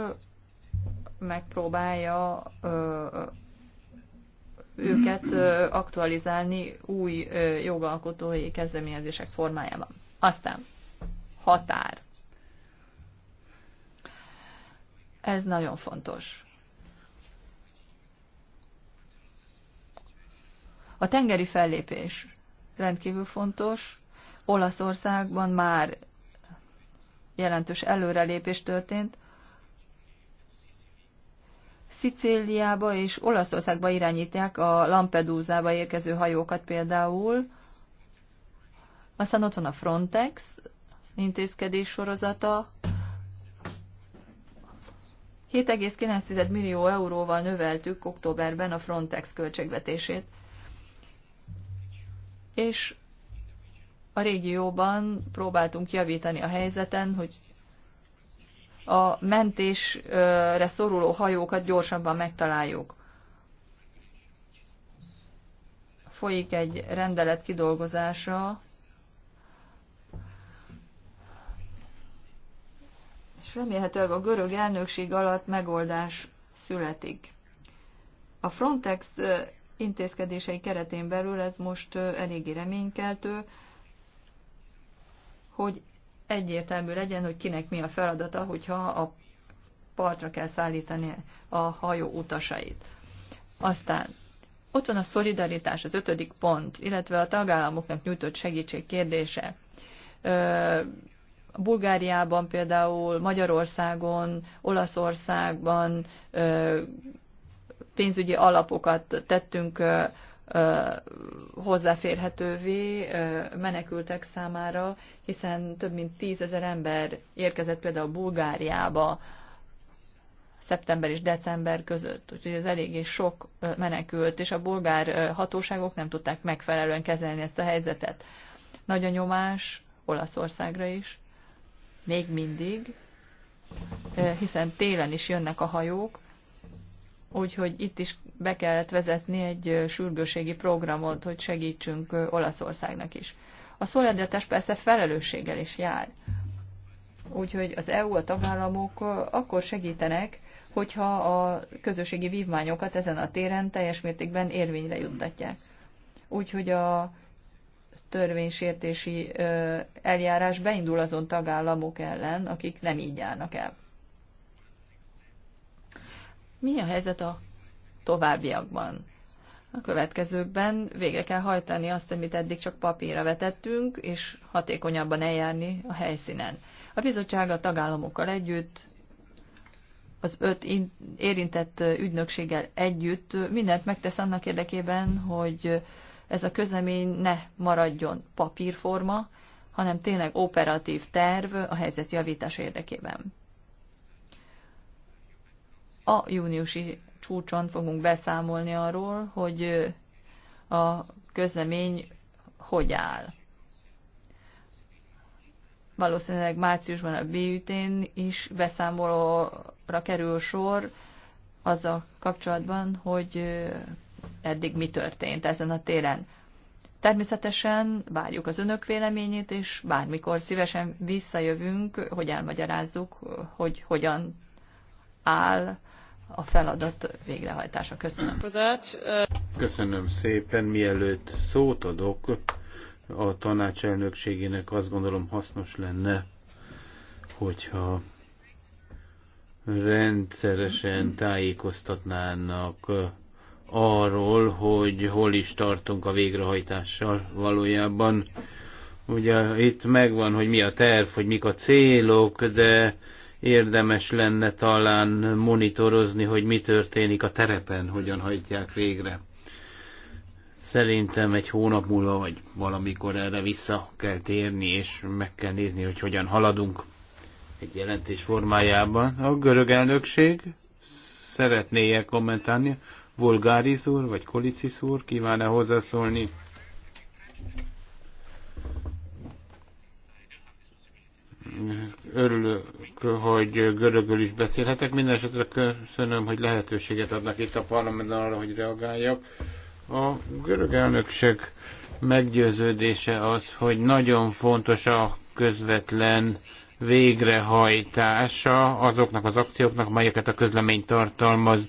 megpróbálja őket aktualizálni új jogalkotói kezdeményezések formájában. Aztán határ. Ez nagyon fontos. A tengeri fellépés rendkívül fontos. Olaszországban már jelentős előrelépés történt, Szicíliába és Olaszországba irányítják a lampedúzába érkező hajókat például. Aztán ott van a Frontex intézkedés sorozata. 7,9 millió euróval növeltük októberben a Frontex költségvetését. És a régióban próbáltunk javítani a helyzeten, hogy a mentésre szoruló hajókat gyorsabban megtaláljuk. Folyik egy rendelet kidolgozása, és remélhetőleg a görög elnökség alatt megoldás születik. A Frontex intézkedései keretén belül ez most eléggé reménykeltő, hogy egyértelmű legyen, hogy kinek mi a feladata, hogyha a partra kell szállítani a hajó utasait. Aztán ott van a szolidaritás, az ötödik pont, illetve a tagállamoknak nyújtott segítség kérdése. Bulgáriában például, Magyarországon, Olaszországban pénzügyi alapokat tettünk hozzáférhetővé menekültek számára, hiszen több mint tízezer ember érkezett például Bulgáriába szeptember és december között. Úgyhogy ez eléggé sok menekült, és a bulgár hatóságok nem tudták megfelelően kezelni ezt a helyzetet. Nagy a nyomás Olaszországra is, még mindig, hiszen télen is jönnek a hajók, Úgyhogy itt is be kellett vezetni egy sürgőségi programot, hogy segítsünk Olaszországnak is. A szolidaritás persze felelősséggel is jár. Úgyhogy az EU, a tagállamok akkor segítenek, hogyha a közösségi vívmányokat ezen a téren teljes mértékben érvényre juttatják. Úgyhogy a törvénysértési eljárás beindul azon tagállamok ellen, akik nem így járnak el. Mi a helyzet a továbbiakban? A következőkben végre kell hajtani azt, amit eddig csak papírra vetettünk, és hatékonyabban eljárni a helyszínen. A bizottság a tagállamokkal együtt, az öt érintett ügynökséggel együtt mindent megtesz annak érdekében, hogy ez a közlemény ne maradjon papírforma, hanem tényleg operatív terv a helyzet javítás érdekében. A júniusi csúcson fogunk beszámolni arról, hogy a közlemény hogy áll. Valószínűleg márciusban a büt is beszámolóra kerül sor a kapcsolatban, hogy eddig mi történt ezen a téren. Természetesen várjuk az önök véleményét, és bármikor szívesen visszajövünk, hogy elmagyarázzuk, hogy hogyan áll a feladat végrehajtása. Köszönöm. Köszönöm szépen. Mielőtt szót adok a tanácselnökségének, azt gondolom hasznos lenne, hogyha rendszeresen tájékoztatnának arról, hogy hol is tartunk a végrehajtással valójában. Ugye itt megvan, hogy mi a terv, hogy mik a célok, de érdemes lenne talán monitorozni, hogy mi történik a terepen, hogyan hajtják végre. Szerintem egy hónap múlva, vagy valamikor erre vissza kell térni, és meg kell nézni, hogy hogyan haladunk egy jelentés formájában. A görög elnökség szeretné-e kommentálni? Volgáris úr, vagy Kolicis úr kíván-e hozzászólni? örülök, hogy görögül is beszélhetek. Mindenesetre köszönöm, hogy lehetőséget adnak itt a parlamentben arra, hogy reagáljak. A görög elnökség meggyőződése az, hogy nagyon fontos a közvetlen végrehajtása azoknak az akcióknak, melyeket a közlemény tartalmaz.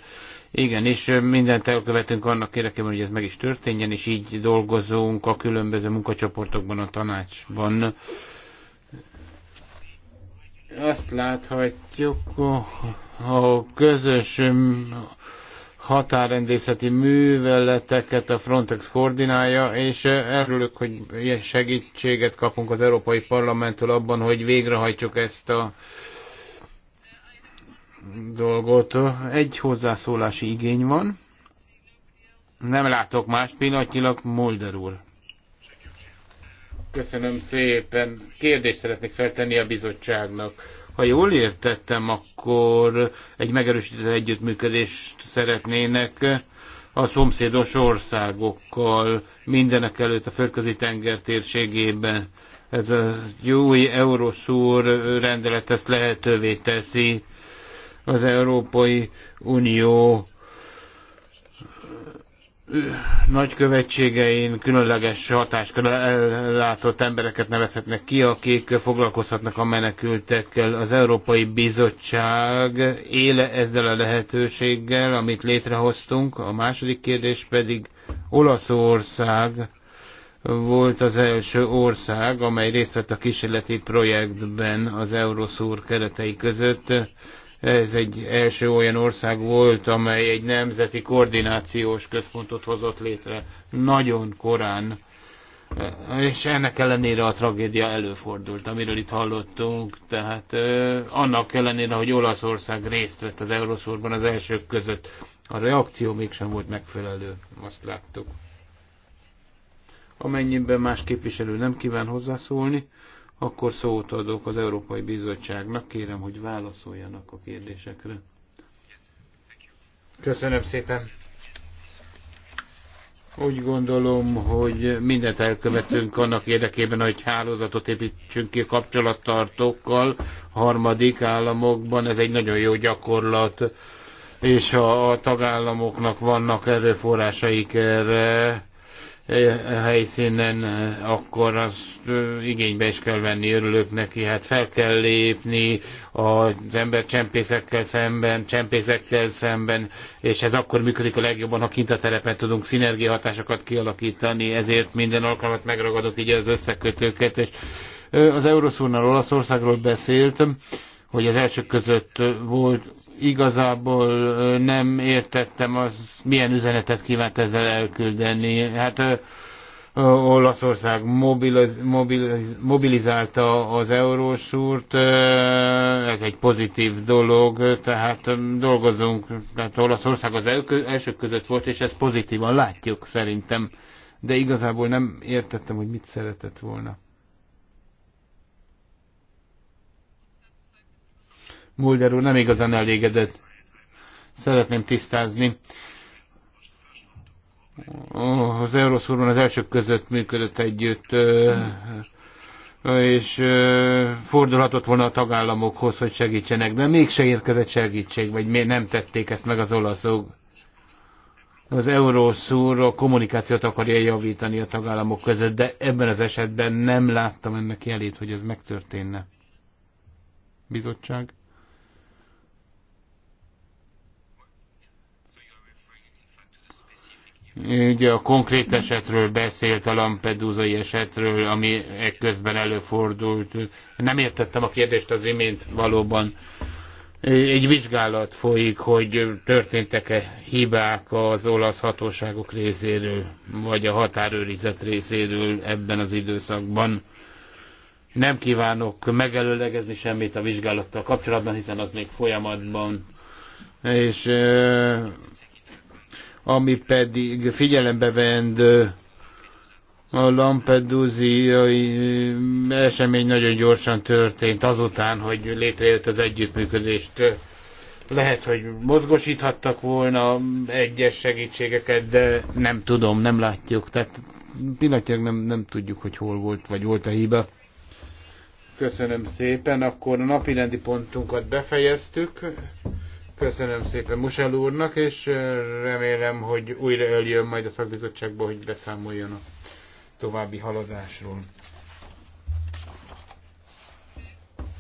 Igen, és mindent elkövetünk annak érdekében, hogy ez meg is történjen, és így dolgozunk a különböző munkacsoportokban, a tanácsban azt láthatjuk, a közös um, határrendészeti műveleteket a Frontex koordinálja, és uh, örülök, hogy ilyen segítséget kapunk az Európai Parlamenttől abban, hogy végrehajtsuk ezt a dolgot. Egy hozzászólási igény van. Nem látok más pillanatnyilag, Molder úr. Köszönöm szépen. Kérdést szeretnék feltenni a bizottságnak. Ha jól értettem, akkor egy megerősített együttműködést szeretnének a szomszédos országokkal, mindenek előtt a földközi tenger térségében. Ez a új Euroszúr rendelet ezt lehetővé teszi. Az Európai Unió nagykövetségein különleges hatáskör ellátott embereket nevezhetnek ki, akik foglalkozhatnak a menekültekkel. Az Európai Bizottság éle ezzel a lehetőséggel, amit létrehoztunk. A második kérdés pedig Olaszország volt az első ország, amely részt vett a kísérleti projektben az Euroszúr keretei között. Ez egy első olyan ország volt, amely egy nemzeti koordinációs központot hozott létre nagyon korán. És ennek ellenére a tragédia előfordult, amiről itt hallottunk. Tehát annak ellenére, hogy Olaszország részt vett az Euroszorban az elsők között, a reakció mégsem volt megfelelő, azt láttuk. Amennyiben más képviselő nem kíván hozzászólni, akkor szót adok az Európai Bizottságnak, kérem, hogy válaszoljanak a kérdésekre. Köszönöm szépen. Úgy gondolom, hogy mindent elkövetünk annak érdekében, hogy hálózatot építsünk ki kapcsolattartókkal harmadik államokban. Ez egy nagyon jó gyakorlat, és ha a tagállamoknak vannak erőforrásaik erre, Eh, helyszínen, eh, akkor azt igénybe is kell venni, örülök neki, hát fel kell lépni az ember csempészekkel szemben, csempészekkel szemben, és ez akkor működik a legjobban, ha kint a terepen tudunk szinergiahatásokat kialakítani, ezért minden alkalmat megragadok így az összekötőket, és az Euroszónál Olaszországról beszéltem, hogy az első között volt Igazából nem értettem, az milyen üzenetet kívánt ezzel elküldeni. Hát Olaszország mobiliz, mobiliz, mobilizálta az eurósúrt, ez egy pozitív dolog, tehát dolgozunk, tehát Olaszország az elsők között volt, és ezt pozitívan látjuk szerintem, de igazából nem értettem, hogy mit szeretett volna. Mulder úr nem igazán elégedett. Szeretném tisztázni. Az Euroszúrban az elsők között működött együtt, és fordulhatott volna a tagállamokhoz, hogy segítsenek, de mégse érkezett segítség, vagy miért nem tették ezt meg az olaszok. Az Euroszúr a kommunikációt akarja javítani a tagállamok között, de ebben az esetben nem láttam ennek jelét, hogy ez megtörténne bizottság. Ugye a konkrét esetről beszélt, a Lampedusai esetről, ami ekközben előfordult. Nem értettem a kérdést az imént valóban. Egy vizsgálat folyik, hogy történtek-e hibák az olasz hatóságok részéről, vagy a határőrizet részéről ebben az időszakban. Nem kívánok megelőlegezni semmit a vizsgálattal kapcsolatban, hiszen az még folyamatban és ami pedig figyelembe vendő a Lampedusiai esemény nagyon gyorsan történt azután, hogy létrejött az együttműködést. Lehet, hogy mozgosíthattak volna egyes segítségeket, de nem tudom, nem látjuk. Tehát pillanatnyilag nem, nem tudjuk, hogy hol volt, vagy volt a hiba. Köszönöm szépen. Akkor a napirendi pontunkat befejeztük. Köszönöm szépen Musel úrnak, és remélem, hogy újra eljön majd a szakbizottságba, hogy beszámoljon a további haladásról.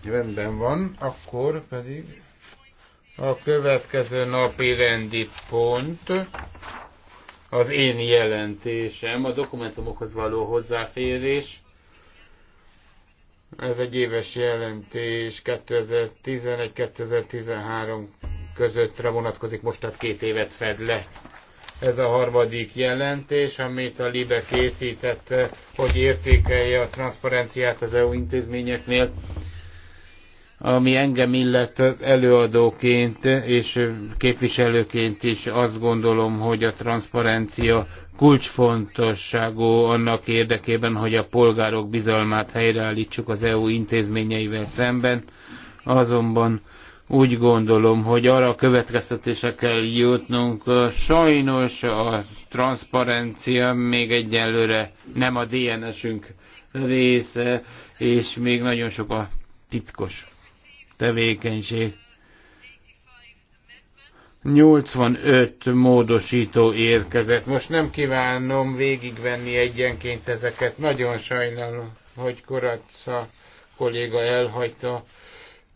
Rendben van, akkor pedig a következő napi rendi pont az én jelentésem, a dokumentumokhoz való hozzáférés. Ez egy éves jelentés 2011-2013 közöttre vonatkozik, most tehát két évet fed le. Ez a harmadik jelentés, amit a LIBE készített, eh, hogy értékelje a transzparenciát az EU intézményeknél ami engem illet előadóként és képviselőként is azt gondolom, hogy a transzparencia kulcsfontosságú annak érdekében, hogy a polgárok bizalmát helyreállítsuk az EU intézményeivel szemben. Azonban úgy gondolom, hogy arra a következtetése kell jutnunk. Sajnos a transzparencia még egyelőre nem a DNS-ünk része, és még nagyon sok a titkos tevékenység. 85 módosító érkezett. Most nem kívánom végigvenni egyenként ezeket. Nagyon sajnálom, hogy Koratsa kolléga elhagyta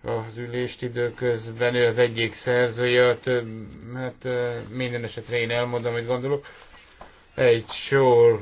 az ülést időközben, ő az egyik szerzője, a több, hát minden esetre én elmondom, hogy gondolok. Egy sor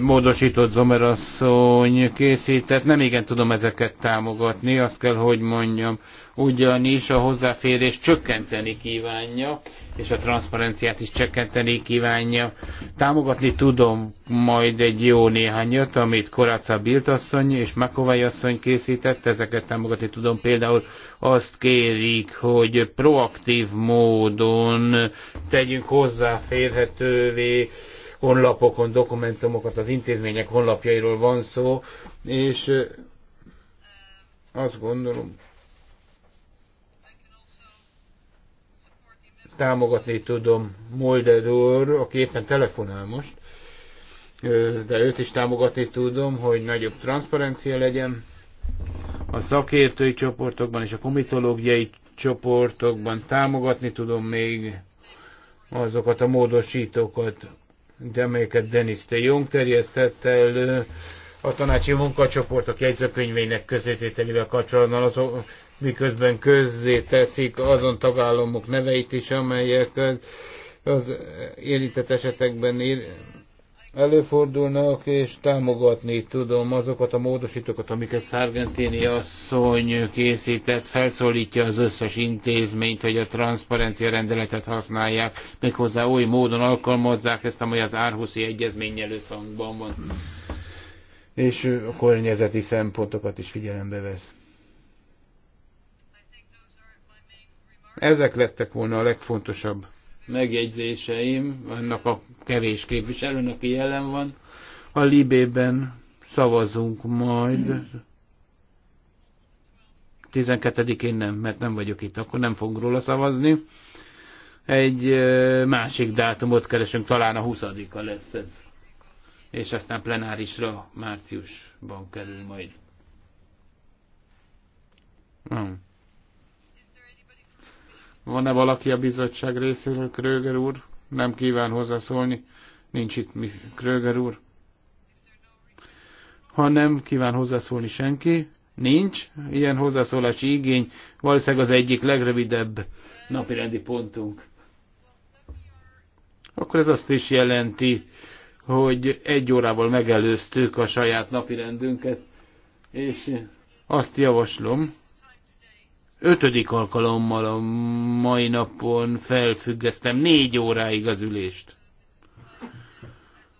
módosított zomerasszony készített, nem igen tudom ezeket támogatni, azt kell, hogy mondjam, ugyanis a hozzáférés csökkenteni kívánja, és a transzparenciát is csökkenteni kívánja. Támogatni tudom majd egy jó néhányat, amit Koraca Biltasszony és Makovai asszony készített, ezeket támogatni tudom. Például azt kérik, hogy proaktív módon tegyünk hozzáférhetővé honlapokon dokumentumokat, az intézmények honlapjairól van szó, és azt gondolom, támogatni tudom Molder úr, aki éppen telefonál most, de őt is támogatni tudom, hogy nagyobb transzparencia legyen a szakértői csoportokban és a komitológiai csoportokban támogatni tudom még azokat a módosítókat, de amelyeket Denis de Jong terjesztett elő, a tanácsi munkacsoportok jegyzőkönyvének közzétételével kapcsolatban, azok, miközben közzé teszik azon tagállamok neveit is, amelyek az érintett esetekben ér, előfordulnak, és támogatni tudom azokat a módosítókat, amiket Szargentini asszony készített, felszólítja az összes intézményt, hogy a transzparencia rendeletet használják, méghozzá oly módon alkalmazzák ezt, amely az Árhuszi egyezmény előszangban van és a környezeti szempontokat is figyelembe vesz. Ezek lettek volna a legfontosabb megjegyzéseim annak a kevés képviselőnek, aki jelen van. A Libében szavazunk majd. 12-én nem, mert nem vagyok itt, akkor nem fogunk róla szavazni. Egy másik dátumot keresünk, talán a 20-a lesz ez és aztán plenárisra márciusban kerül majd. Hmm. Van-e valaki a bizottság részéről, Kröger úr? Nem kíván hozzászólni. Nincs itt mi, Kröger úr. Ha nem kíván hozzászólni senki, nincs ilyen hozzászólási igény. Valószínűleg az egyik legrövidebb napirendi pontunk. Akkor ez azt is jelenti, hogy egy órával megelőztük a saját napirendünket, és azt javaslom, ötödik alkalommal a mai napon felfüggesztem négy óráig az ülést.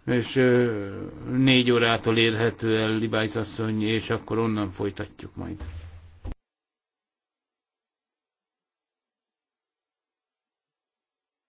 És négy órától érhető el Libájsz asszony, és akkor onnan folytatjuk majd.